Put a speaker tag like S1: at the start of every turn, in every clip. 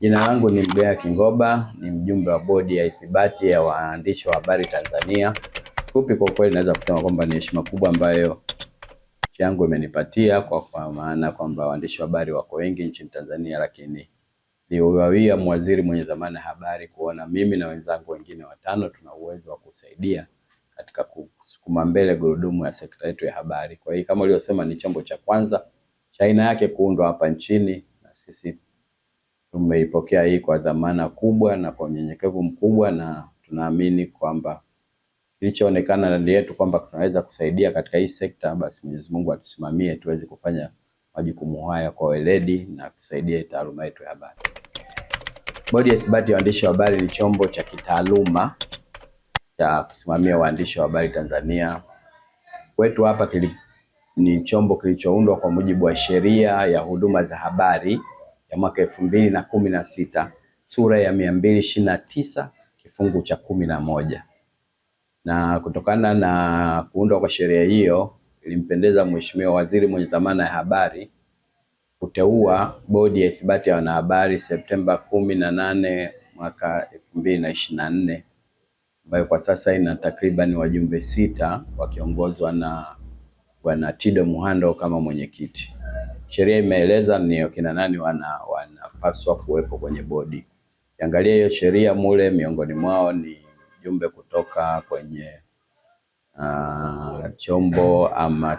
S1: Jina langu ni Mbea Kingoba, ni mjumbe wa bodi ya ithibati ya waandishi wa habari Tanzania. Fupi kwa kweli, naweza kusema kwamba ni heshima kubwa ambayo nchi yangu imenipatia kwa, kwa maana kwamba waandishi wa habari wako wengi nchini Tanzania, lakini niwawia mwaziri mwenye dhamana ya habari kuona mimi na wenzangu wengine watano tuna uwezo wa kusaidia katika kusukuma mbele gurudumu ya sekta yetu ya habari. Kwa hiyo kama ulivyosema, ni chombo cha kwanza cha aina yake kuundwa hapa nchini na sisi Tumeipokea hii kwa dhamana kubwa na kwa unyenyekevu mkubwa, na tunaamini kwamba kilichoonekana ndani yetu kwamba tunaweza kusaidia katika hii sekta, basi Mwenyezi Mungu atusimamie tuweze kufanya majukumu haya kwa weledi na kusaidia taaluma yetu ya habari. Bodi ya Ithibati ya Waandishi wa Habari ni chombo cha kitaaluma cha kusimamia waandishi wa habari Tanzania. Kwetu hapa ni chombo kilichoundwa kwa mujibu wa sheria ya huduma za habari ya mwaka elfu mbili na kumi na sita sura ya mia mbili ishirini na tisa kifungu cha kumi na moja na kutokana na kuundwa kwa sheria hiyo ilimpendeza Mheshimiwa Waziri mwenye dhamana ya habari kuteua bodi ya ithibati ya wanahabari Septemba kumi na nane mwaka elfu mbili na ishirini na nne ambayo kwa sasa ina takriban wajumbe sita wakiongozwa na Bwana Tido Muhando kama mwenyekiti sheria imeeleza ni kina nani wanapaswa kuwepo kwenye bodi. kiangalia hiyo sheria mule, miongoni mwao ni jumbe kutoka kwenye uh, chombo ama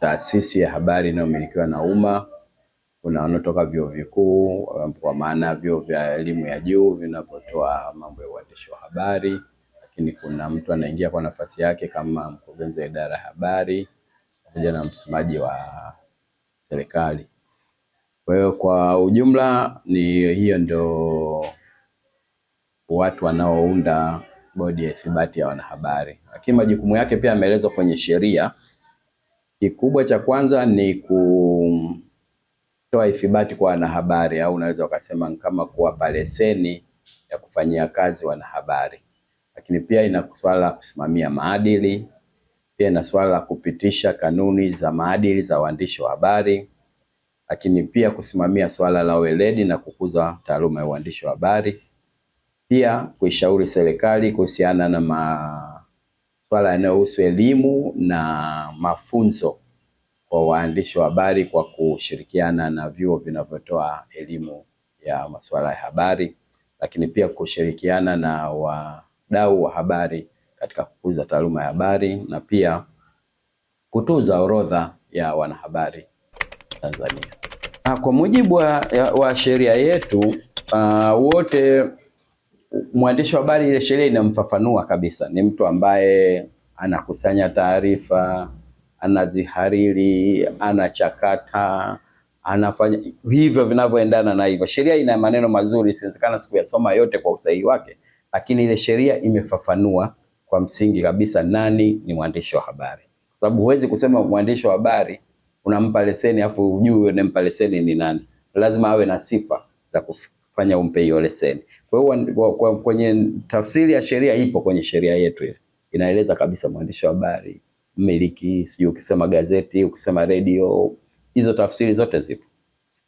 S1: taasisi ya habari inayomilikiwa na umma. Kuna wanaotoka vyuo vikuu kwa maana vyuo vya elimu ya juu vinavyotoa mambo ya uandishi wa habari, lakini kuna mtu anaingia kwa nafasi yake kama mkurugenzi wa idara ya habari pamoja na msemaji wa serikali. Kwa hiyo kwa ujumla ni hiyo ndio watu wanaounda bodi ya ithibati ya wanahabari, lakini majukumu yake pia yameelezwa kwenye sheria. Kikubwa cha kwanza ni kutoa ithibati kwa wanahabari, au unaweza ukasema kama kuwapa leseni ya kufanyia kazi wanahabari, lakini pia ina swala la kusimamia maadili pia na suala la kupitisha kanuni za maadili za waandishi wa habari, lakini pia kusimamia suala la weledi na kukuza taaluma ya uandishi wa habari, pia kuishauri serikali kuhusiana na swala yanayohusu elimu na mafunzo kwa waandishi wa habari kwa kushirikiana na vyuo vinavyotoa elimu ya masuala ya habari, lakini pia kushirikiana na wadau wa habari katika kukuza taaluma ya habari na pia kutuza orodha ya wanahabari Tanzania. Kwa mujibu wa, wa sheria yetu uh, wote mwandishi wa habari ile sheria inamfafanua kabisa, ni mtu ambaye anakusanya taarifa, anazihariri, anachakata, anafanya hivyo vinavyoendana na hivyo. Sheria ina maneno mazuri, siwezekana siku soma yote kwa usahihi wake, lakini ile sheria imefafanua kwa msingi kabisa nani ni mwandishi wa habari, kwa sababu huwezi kusema mwandishi wa habari unampa leseni afu ujue unampa leseni ni nani. Lazima awe na sifa za kufanya umpe hiyo leseni. Kwa hiyo kwenye tafsiri ya sheria, ipo kwenye sheria yetu ile inaeleza kabisa mwandishi wa habari, mmiliki, sio ukisema gazeti, ukisema redio, hizo tafsiri zote zipo.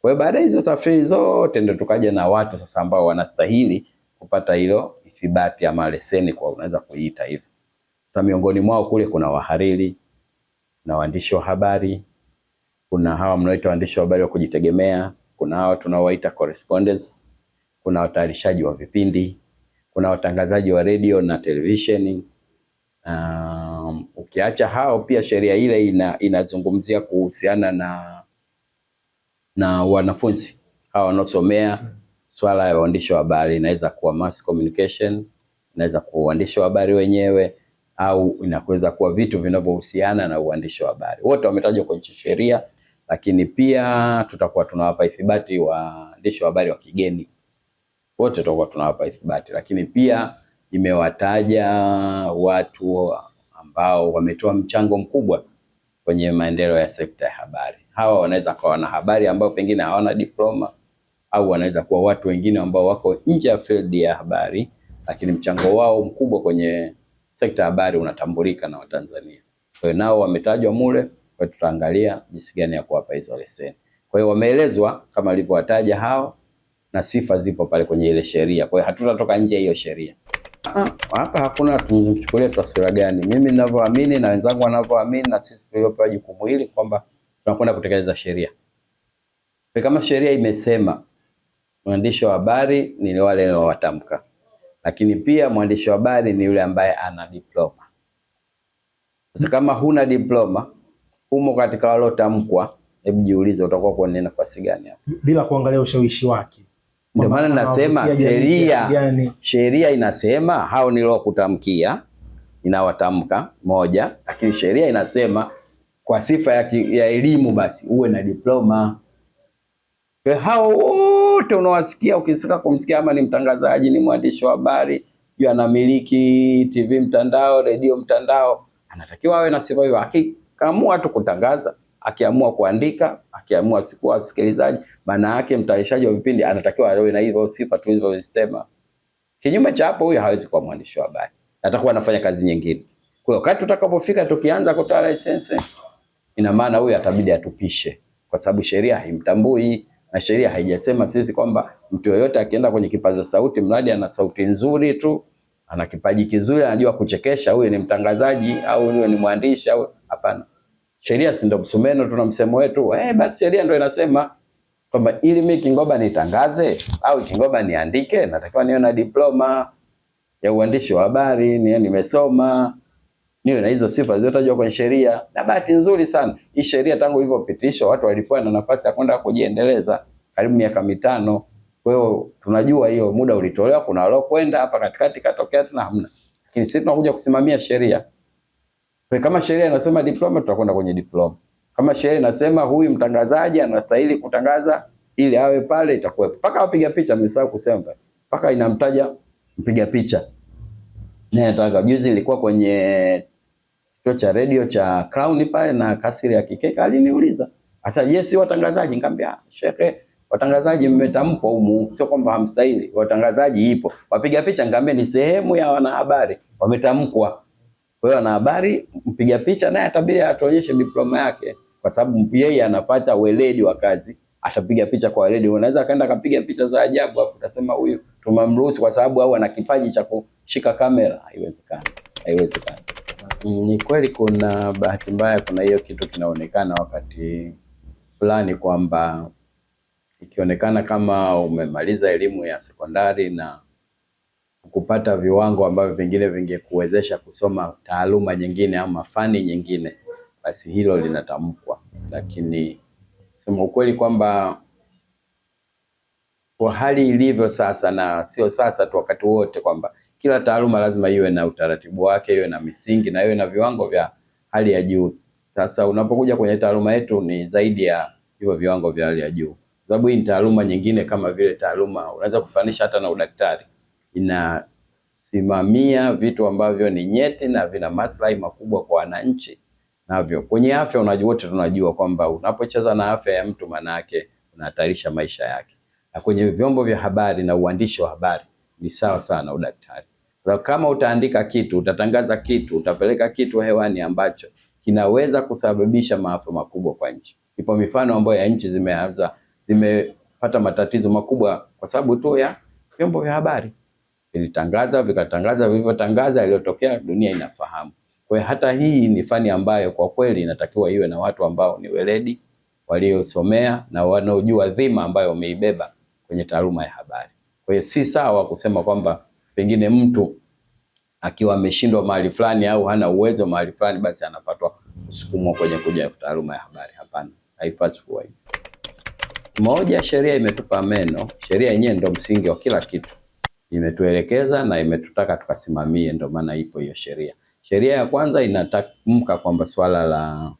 S1: Kwa hiyo baada ya hizo tafsiri zote ndio tukaja na watu sasa ambao wanastahili kupata hilo ithibati ama leseni kwa unaweza kuiita hivyo. Sasa miongoni mwao kule kuna wahariri na waandishi wa habari, kuna hawa mnaoita waandishi wa habari wa kujitegemea, kuna hawa tunaowaita correspondents, kuna watayarishaji wa vipindi, kuna watangazaji wa redio na televisheni. Um, ukiacha hao pia sheria ile ina, inazungumzia kuhusiana na na wanafunzi hawa wanaosomea swala ya waandishi wa habari, inaweza kuwa mass communication, inaweza kuwa uandishi wa habari wenyewe au inaweza kuwa vitu vinavyohusiana na uandishi wa habari. Wote wametajwa kwenye sheria, lakini pia tutakuwa tunawapa ithibati waandishi wa habari wa kigeni, wote tutakuwa tunawapa ithibati, lakini pia imewataja watu ambao wametoa mchango mkubwa kwenye maendeleo ya sekta ya habari. Hawa wanaweza kuwa habari ambao pengine hawana diploma au wanaweza kuwa watu wengine ambao wako nje ya field ya habari, lakini mchango wao mkubwa kwenye sekta ya habari unatambulika na Watanzania. Kwa hiyo nao wametajwa mule, kwa tutaangalia jinsi gani ya kuwapa hizo leseni. Kwa hiyo wameelezwa kama alivyowataja hao na sifa zipo pale kwenye ile sheria. Kwa hiyo hatutatoka nje hiyo sheria. Ha, ah, hapa hakuna tumchukulie taswira gani. Mimi ninavyoamini na wenzangu wanavyoamini na sisi tuliopewa jukumu hili kwamba tunakwenda kutekeleza sheria. Kama sheria imesema mwandishi wa habari ni wale waliowatamka, lakini pia mwandishi wa habari ni yule ambaye ana diploma. Sasa kama huna diploma, umo katika walotamkwa hebu jiulize utakuwa kwenye nafasi gani hapo,
S2: bila kuangalia ushawishi wake.
S1: Ndio maana nasema sheria sheria inasema hao niliokutamkia inawatamka moja, lakini sheria inasema kwa sifa ya elimu basi uwe na diploma hao wote unawasikia ukisika kumsikia, ama ni mtangazaji, ni mwandishi wa habari, juu anamiliki TV mtandao, redio mtandao, anatakiwa awe na sifa hiyo. Akikaamua tu kutangaza, akiamua kuandika, akiamua sikuwa wasikilizaji, maana yake mtayarishaji wa vipindi anatakiwa awe na hizo sifa tu tulizozisema. Kinyume cha hapo, huyo hawezi kuwa mwandishi wa habari, atakuwa anafanya kazi nyingine. Kwa hiyo wakati tutakapofika tukianza kutoa lisensi, ina maana huyo atabidi atupishe, kwa sababu sheria haimtambui na sheria haijasema sisi kwamba mtu yoyote akienda kwenye kipaza sauti, mradi ana sauti nzuri tu, ana kipaji kizuri, anajua kuchekesha, huyu ni mtangazaji au huyu ni mwandishi au hapana. Sheria si ndio msumeno, tuna msemo wetu eh, basi sheria ndio inasema kwamba ili mimi Kingoba nitangaze au Kingoba niandike, natakiwa niwe na diploma ya uandishi wa habari, ni nimesoma niwe na hizo sifa zilizotajwa kwenye sheria. Na bahati nzuri sana hii sheria tangu ilivyopitishwa watu walikuwa na nafasi ya kwenda kujiendeleza karibu miaka mitano. Kwa hiyo tunajua hiyo muda ulitolewa, kuna kwenda hapa katikati katokea tena hamna, lakini sisi tunakuja kusimamia sheria. Kwa kama sheria inasema diploma, tutakwenda kwenye diploma. Kama sheria inasema huyu mtangazaji anastahili kutangaza ili awe pale, itakuwepo mpaka wapiga picha. Mmesahau kusema mpaka inamtaja mpiga picha Nataka juzi ilikuwa kwenye kituo cha redio cha Crown pale na kasiri ya kikeka aliniuliza, "Asa Yesu watangazaji?" Nikamwambia, ah, "Shehe, watangazaji mmetamkwa humu, sio kwamba hamstahili. Watangazaji ipo. Wapiga picha nikamwambia ni sehemu ya wanahabari, wametamkwa. Kwa hiyo wanahabari, mpiga picha naye atabiri atuonyeshe diploma yake kwa sababu yeye anafuata weledi wa kazi. Atapiga picha kwa weledi. Unaweza kaenda kapiga picha za ajabu afu utasema huyu tumamruhusu kwa sababu au ana kipaji cha kushika kamera. Haiwezekani. Haiwezekani. Ni kweli kuna bahati mbaya, kuna hiyo kitu kinaonekana wakati fulani kwamba ikionekana kama umemaliza elimu ya sekondari na kupata viwango ambavyo vingine vingekuwezesha kusoma taaluma nyingine ama fani nyingine, basi hilo linatamkwa. Lakini sema ukweli kwamba kwa hali ilivyo sasa, na sio sasa tu, wakati wote, kwamba kila taaluma lazima iwe na utaratibu wake, iwe na misingi na iwe na viwango vya hali ya juu. Sasa unapokuja kwenye taaluma yetu ni zaidi ya hivyo viwango vya hali ya juu, sababu hii ni taaluma nyingine kama vile taaluma, unaweza kufanisha hata na udaktari, inasimamia vitu ambavyo ni nyeti na vina maslahi makubwa kwa wananchi. Navyo kwenye afya, unajua wote tunajua kwamba unapocheza na afya ya mtu, maana yake unahatarisha maisha yake. Na kwenye vyombo vya habari na uandishi wa habari ni sawa sana udaktari. Kama utaandika kitu, utatangaza kitu, utapeleka kitu hewani ambacho kinaweza kusababisha maafa makubwa kwa nchi. Ipo mifano ambayo ya nchi zimeanza zimepata matatizo makubwa kwa sababu tu ya vyombo vya habari vilitangaza, vikatangaza, vilivyotangaza, iliyotokea dunia inafahamu. Kwa hiyo hata hii ni fani ambayo kwa kweli inatakiwa iwe na watu ambao ni weledi, waliosomea na wanaojua dhima ambayo wameibeba kwenye taaluma ya habari. Kwa hiyo si sawa kusema kwamba pengine mtu akiwa ameshindwa mahali fulani au hana uwezo mahali fulani, basi anapatwa msukumo kwenye kuja taaluma ya habari. Hapana, haipaswi kuwa hivyo. Moja, sheria imetupa meno. Sheria yenyewe ndo msingi wa kila kitu, imetuelekeza na imetutaka tukasimamie, ndo maana ipo hiyo sheria. Sheria ya kwanza inatamka kwamba swala la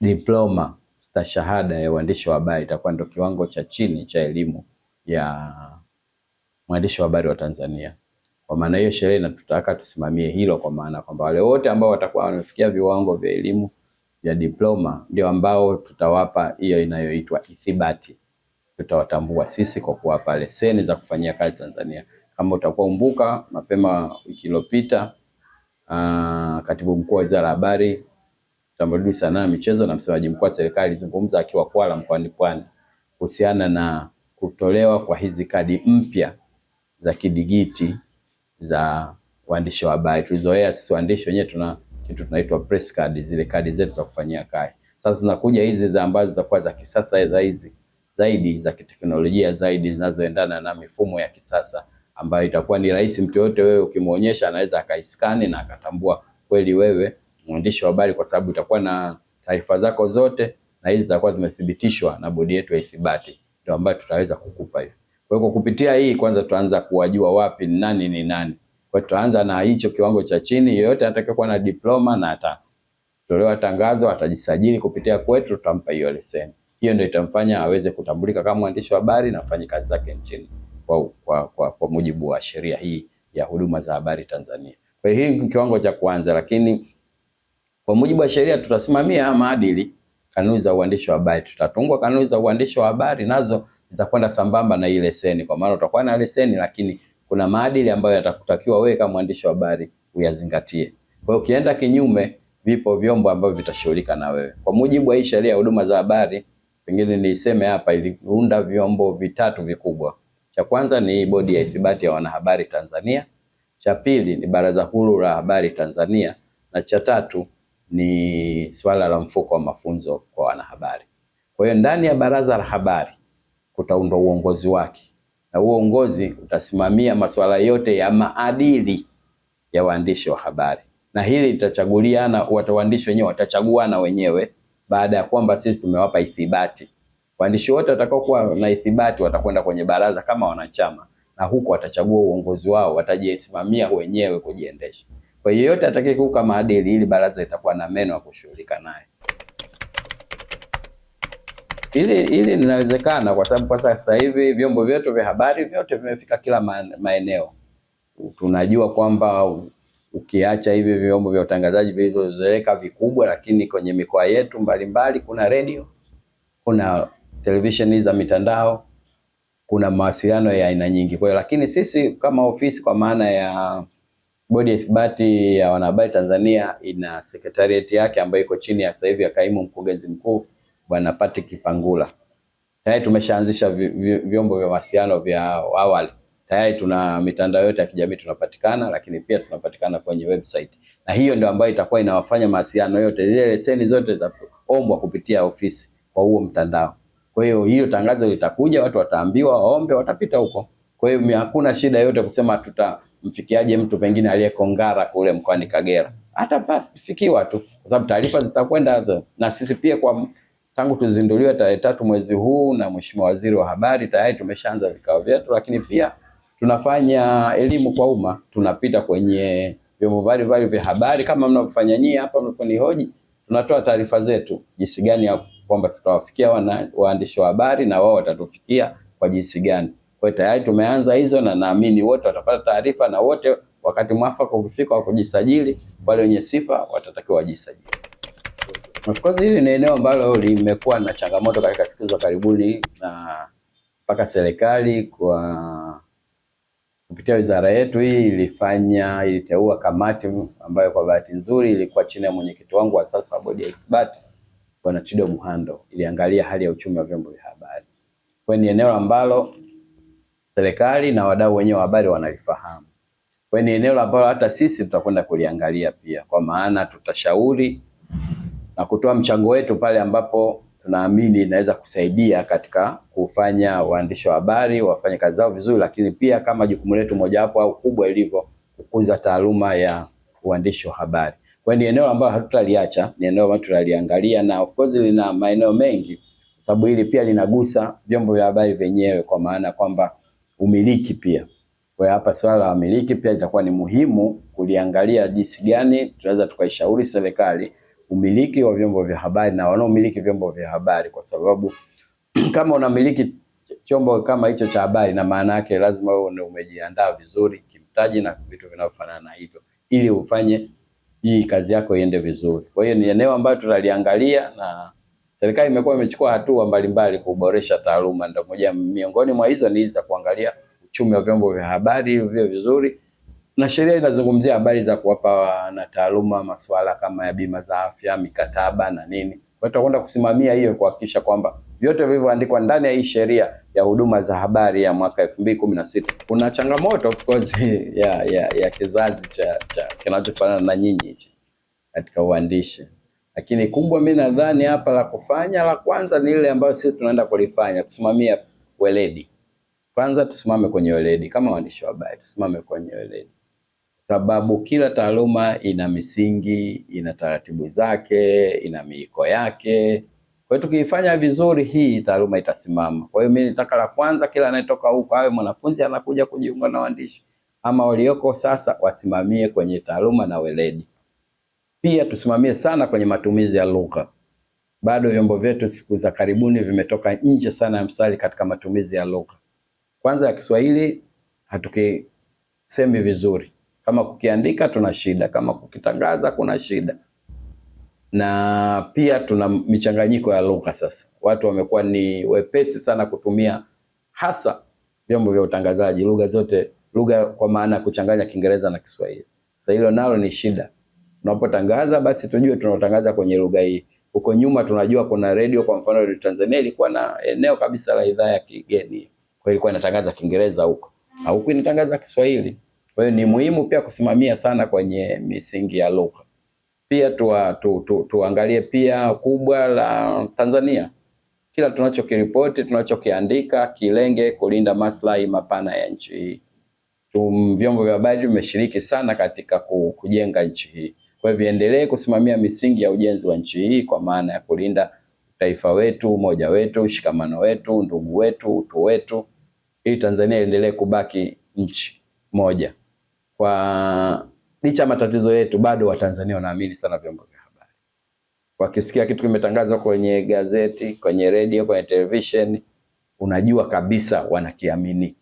S1: diploma, stashahada ya uandishi wa habari itakuwa ndo kiwango cha chini cha elimu ya mwandishi wa habari wa Tanzania. Kwa maana hiyo, sheria inatutaka tusimamie hilo, kwa maana kwamba wale wote ambao watakuwa wamefikia viwango vya elimu vya diploma ndio ambao tutawapa hiyo inayoitwa ithibati. Tutawatambua sisi kwa kuwapa leseni za kufanyia kazi Tanzania. Kama utakuwa umbuka, mapema wiki iliyopita, ah, katibu mkuu wa Wizara ya Habari, Utamaduni, Sanaa na Michezo na msemaji mkuu wa serikali alizungumza akiwa Kwala mkoani Pwani kuhusiana na kutolewa kwa hizi kadi mpya za kidigiti za waandishi wa habari. Tulizoea sisi waandishi wenyewe tuna kitu tunaitwa press card, zile kadi zetu za kufanyia kazi. Sasa zinakuja hizi za ambazo zitakuwa za kisasa za hizi zaidi za kiteknolojia zaidi zinazoendana na mifumo ya kisasa ambayo itakuwa ni rahisi, mtu yote wewe ukimwonyesha anaweza akaiskani na akatambua kweli wewe mwandishi wa habari, kwa sababu itakuwa na taarifa zako zote, na hizi zitakuwa zimethibitishwa na bodi yetu ya ithibati, ndio ambayo tutaweza kukupa hiyo. Kwa hiyo kupitia hii kwanza tutaanza kuwajua wapi ni nani ni nani. Kwa hiyo tutaanza na hicho kiwango cha chini, yeyote kuwa na diploma na atatolewa tangazo, atajisajili kupitia kwetu, tutampa hiyo leseni. Hiyo ndio itamfanya aweze kutambulika kama mwandishi wa habari na afanye kazi zake nchini kwa, kwa, kwa, kwa mujibu wa sheria hii ya huduma za habari Tanzania. Kwa hiyo hii kiwango cha kwanza, lakini kwa mujibu wa sheria tutasimamia maadili, kanuni za uandishi wa habari, tutatungwa kanuni za uandishi wa habari nazo zitakwenda sambamba na hii leseni, kwa maana utakuwa na leseni, lakini kuna maadili ambayo yatakutakiwa wewe kama mwandishi wa habari uyazingatie. Kwa hiyo ukienda kinyume, vipo vyombo ambavyo vitashughulika na wewe. Kwa mujibu wa hii sheria ya huduma za habari, pengine niiseme hapa, iliunda vyombo vitatu vikubwa. Cha kwanza ni bodi ya ithibati ya wanahabari Tanzania, cha pili ni baraza huru la habari Tanzania, na cha tatu ni swala la mfuko wa mafunzo kwa wanahabari. Kwa hiyo ndani ya baraza la habari kutaundwa uongozi wake, na uongozi utasimamia masuala yote ya maadili ya waandishi wa habari, na hili litachaguliana, waandishi wenyewe watachaguana wenyewe baada ya kwamba sisi tumewapa ithibati. Waandishi wote watakaokuwa na ithibati watakwenda kwenye baraza kama wanachama, na huko watachagua uongozi wao, watajisimamia wenyewe kujiendesha. Kwa hiyo yote atakayekiuka maadili, ili baraza itakuwa na meno ya kushughulika naye. Ili ili linawezekana kwa sababu kwa sasa hivi vyombo vyetu vya habari vyote vimefika kila maeneo. Tunajua kwamba ukiacha hivi vyombo vya utangazaji vilivyozoeleka vikubwa, lakini kwenye mikoa yetu mbalimbali kuna redio, kuna televisheni za mitandao, kuna mawasiliano ya aina nyingi. Kwa hiyo lakini sisi kama ofisi kwa maana ya Bodi ya Ithibati ya Wanahabari Tanzania ina sekretarieti yake ambayo iko chini ya sasa hivi ya kaimu mkurugenzi mkuu. Bwana Patrick Pangula. Tayari tumeshaanzisha vyombo vya mawasiliano vya awali, tayari tuna mitandao yote ya kijamii tunapatikana, lakini pia tunapatikana kwenye website, na hiyo ndio ambayo itakuwa inawafanya mawasiliano yote, zile leseni zote zitaombwa kupitia ofisi kwa huo mtandao. Kwa hiyo hiyo tangazo litakuja, watu wataambiwa waombe, watapita huko. Kwa hiyo hakuna shida yote kusema tutamfikiaje mtu pengine aliyekongara kule mkoani Kagera, hata fikiwa tu, kwa sababu taarifa zitakwenda na sisi pia kwa tangu tuzinduliwe tarehe tatu mwezi huu na Mheshimiwa Waziri wa Habari, tayari tumeshaanza vikao vyetu, lakini pia tunafanya elimu kwa umma, tunapita kwenye vyombo mbalimbali vya habari kama mnavyofanya nyinyi hapa mnaponihoji, tunatoa taarifa zetu jinsi gani ya kwamba tutawafikia waandishi wa habari na wao watatufikia kwa jinsi gani. Kwa hiyo tayari tumeanza hizo, na naamini wote watapata taarifa na wote wakati mwafaka ukifika wa kujisajili, wale wenye sifa watatakiwa wajisajili. Of course hili ni eneo ambalo limekuwa na changamoto katika siku za karibuni, na mpaka serikali kwa kupitia wizara yetu hii ilifanya iliteua kamati ambayo kwa bahati nzuri ilikuwa chini ya mwenyekiti wangu wa sasa wa bodi ya ithibati Bwana Chido Muhando, iliangalia hali ya uchumi wa vyombo vya habari. Kwa ni eneo ambalo serikali na wadau wenyewe wa habari wanalifahamu. Kwa ni eneo ambalo hata sisi tutakwenda kuliangalia pia, kwa maana tutashauri na kutoa mchango wetu pale ambapo tunaamini inaweza kusaidia katika kufanya waandishi wa habari wafanye kazi zao vizuri, lakini pia kama jukumu letu mojawapo au kubwa ilivyo kukuza taaluma ya uandishi wa habari. Kwa hiyo ni eneo ambalo hatutaliacha, ni eneo ambalo tutaliangalia na of course lina maeneo mengi, sababu hili pia linagusa vyombo vya habari vyenyewe, kwa maana kwamba umiliki pia. Kwa hiyo hapa swala la umiliki pia litakuwa ni muhimu kuliangalia jinsi gani tunaweza tukaishauri serikali umiliki wa vyombo vya habari na wanaomiliki vyombo vya habari, kwa sababu kama unamiliki chombo kama hicho cha habari, na maana yake lazima wewe umejiandaa vizuri kimtaji na vitu vinavyofanana na hivyo, ili ufanye hii kazi yako iende vizuri. Kwa hiyo ni eneo ambalo tutaliangalia na serikali imekuwa imechukua hatua mbalimbali kuboresha taaluma, ndio moja miongoni mwa hizo ni za kuangalia uchumi wa vyombo vya habari vio vizuri na sheria inazungumzia habari za kuwapa wanataaluma masuala kama ya bima za afya, mikataba na nini. Kwa hiyo tutakwenda kusimamia hiyo, kuhakikisha kwamba vyote vilivyoandikwa ndani ya hii sheria ya huduma za habari ya mwaka 2016. Kuna changamoto of course ya, ya, ya kizazi cha, cha kinachofanana na nyinyi katika uandishi, lakini kubwa mimi nadhani hapa la kufanya la kwanza ni ile ambayo sisi tunaenda kulifanya, kusimamia weledi. Kwanza tusimame kwenye weledi kama waandishi wa habari, tusimame kwenye weledi sababu kila taaluma ina misingi, ina taratibu zake, ina miiko yake. Kwa hiyo tukiifanya vizuri hii taaluma itasimama. Kwa hiyo mimi nitaka la kwanza, kila anayetoka huko awe mwanafunzi anakuja kujiunga na waandishi, ama walioko sasa wasimamie kwenye taaluma na weledi. Pia tusimamie sana kwenye matumizi ya lugha. Bado vyombo vyetu siku za karibuni vimetoka nje sana ya mstari katika matumizi ya lugha, kwanza ya Kiswahili hatukisemi vizuri kama kukiandika tuna shida, kama kukitangaza kuna shida, na pia tuna michanganyiko ya lugha. Sasa watu wamekuwa ni wepesi sana kutumia hasa vyombo vya utangazaji lugha zote, lugha kwa maana ya kuchanganya Kiingereza na Kiswahili. Sasa hilo nalo ni shida. Tunapotangaza basi tujue tunatangaza kwenye lugha hii. Huko nyuma tunajua kuna redio, kwa mfano Radio Tanzania ilikuwa na eneo kabisa la idhaa ya kigeni, kwa hiyo ilikuwa inatangaza Kiingereza huko, huku inatangaza Kiswahili. Kwa hiyo ni muhimu pia kusimamia sana kwenye misingi ya lugha. Pia tuwa, tu, tu, tuangalie pia kubwa la Tanzania, kila tunachokiripoti tunachokiandika kilenge kulinda maslahi mapana ya nchi hii. Vyombo vya habari vimeshiriki sana katika kujenga nchi hii, kwa hiyo viendelee kusimamia misingi ya ujenzi wa nchi hii kwa maana ya kulinda taifa wetu, umoja wetu, shikamano wetu, ndugu wetu, utu wetu, ili Tanzania iendelee kubaki nchi moja kwa licha matatizo yetu, bado Watanzania wanaamini sana vyombo vya habari. Wakisikia kitu kimetangazwa kwenye gazeti, kwenye redio, kwenye televisheni, unajua kabisa wanakiamini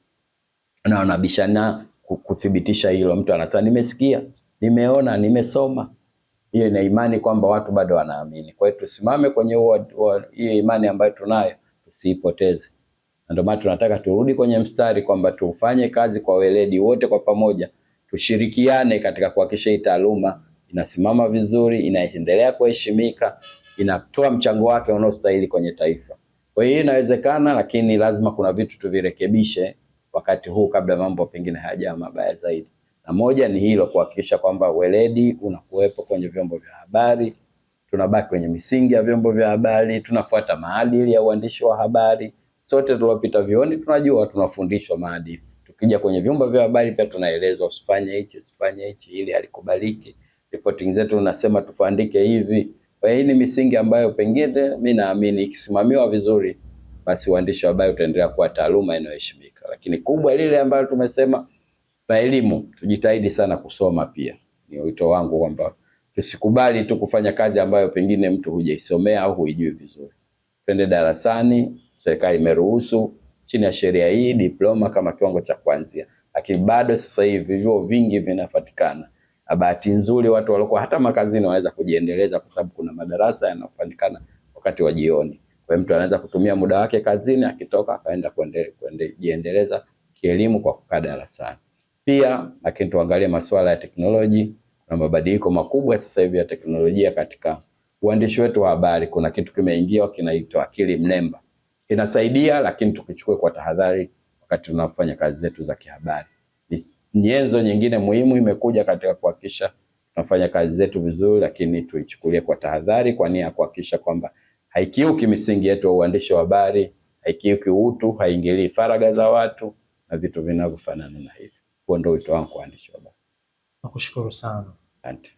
S1: na wanabishana kuthibitisha hilo. Mtu anasema nimesikia, nimeona, nimesoma. Hiyo ina imani kwamba watu bado wanaamini. Kwa hiyo tusimame kwenye hiyo imani ambayo tunayo, tusiipoteze. Ndio maana tunataka turudi kwenye mstari kwamba tufanye kazi kwa weledi wote kwa pamoja tushirikiane katika kuhakikisha hii taaluma inasimama vizuri, inaendelea kuheshimika, inatoa mchango wake unaostahili kwenye taifa. Kwa hiyo inawezekana, lakini lazima kuna vitu tuvirekebishe wakati huu kabla mambo pengine hayajawa mabaya zaidi, na moja ni hilo, kuhakikisha kwamba weledi unakuwepo kwenye vyombo vya habari, tunabaki kwenye misingi ya vyombo vya habari, tunafuata maadili ya uandishi wa habari. Sote tuliopita vioni tunajua tunafundishwa maadili. Ukija kwenye vyombo vya habari pia tunaelezwa usifanye hichi, usifanye hichi, ili alikubaliki. Reporting zetu unasema tuandike hivi. Kwa hiyo ni misingi ambayo pengine mimi naamini ikisimamiwa vizuri, basi uandishi wa habari utaendelea kuwa taaluma inayoheshimika. Lakini kubwa lile ambalo tumesema na elimu, tujitahidi sana kusoma pia. Ni wito wangu kwamba tusikubali tu kufanya kazi ambayo pengine mtu hujaisomea au huijui vizuri. Twende darasani, serikali imeruhusu chini ya sheria hii diploma kama kiwango cha kuanzia, lakini bado sasa hivi vyuo vingi vinapatikana. Bahati nzuri watu walikuwa hata makazini wanaweza kujiendeleza, kwa sababu kuna madarasa yanapatikana wakati wa jioni. Kwa hiyo mtu anaweza kutumia muda wake kazini, akitoka akaenda kujiendeleza kielimu kwa kukaa darasani pia. Lakini tuangalie masuala ya teknoloji na mabadiliko makubwa sasa hivi ya teknolojia katika uandishi wetu wa habari. Kuna kitu kimeingia kinaitwa akili mnemba inasaidia, lakini tukichukue kwa tahadhari wakati tunafanya kazi zetu za kihabari. Nyenzo nyingine muhimu imekuja katika kuhakikisha tunafanya kazi zetu vizuri, lakini tuichukulie kwa tahadhari, kwa nia ya kuhakikisha kwamba haikiuki misingi yetu ya uandishi wa habari, haikiuki utu, haingilii faraga za watu na vitu vinavyofanana na hivyo. Huo ndio wito wangu kwa waandishi wa habari.
S2: Nakushukuru sana.
S1: Asante.